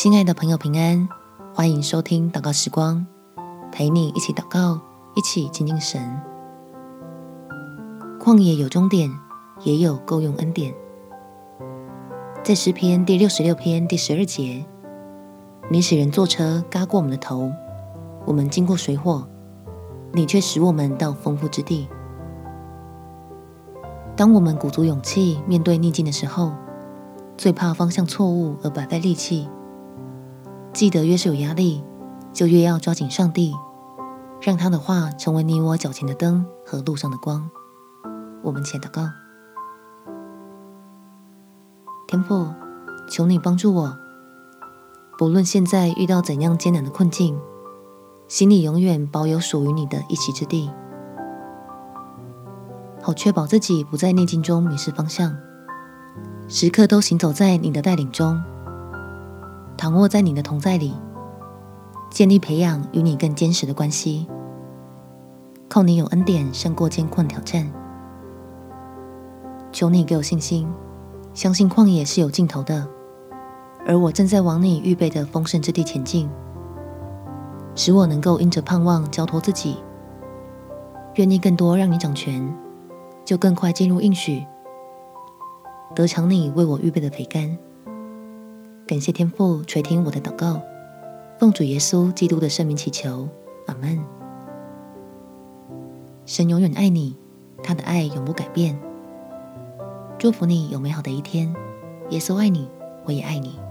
親愛的朋友平安，歡迎收聽禱告時光，陪你一起禱告，一起親近神。曠野有終點，也有夠用恩典。在詩篇第六十六篇第十二節，你使人坐車軋過我們的頭，我們經過水火，你卻使我們到豐富之地。當我們鼓足勇氣面對逆境的時候，最怕方向錯誤而白費力氣。記得，越是有壓力，就越要抓緊上帝，讓他的話成為你我腳前的燈和路上的光。我們且禱告：天父，求你幫助我，不論現在遇到怎樣艱難的困境，心裡永遠保有屬於你的一席之地，好確保自己不在逆境中迷失方向，時刻都行走在你的帶領中。躺臥在你的同在裡，建立培養與你更堅實的關係。靠你有恩典勝過艱困挑戰。求你給我信心，相信曠野是有盡頭的，而我正在往你預備的豐盛之地前進，使我能夠因着盼望交托自己，願意你更多讓你掌權，就更快進入應許，得償你為我預備的肥甘。感謝天父垂聽我的禱告，奉主耶穌基督的聖名祈求，阿門。神永遠愛你，他的愛永不改變。祝福你有美好的一天，耶穌愛你，我也愛你。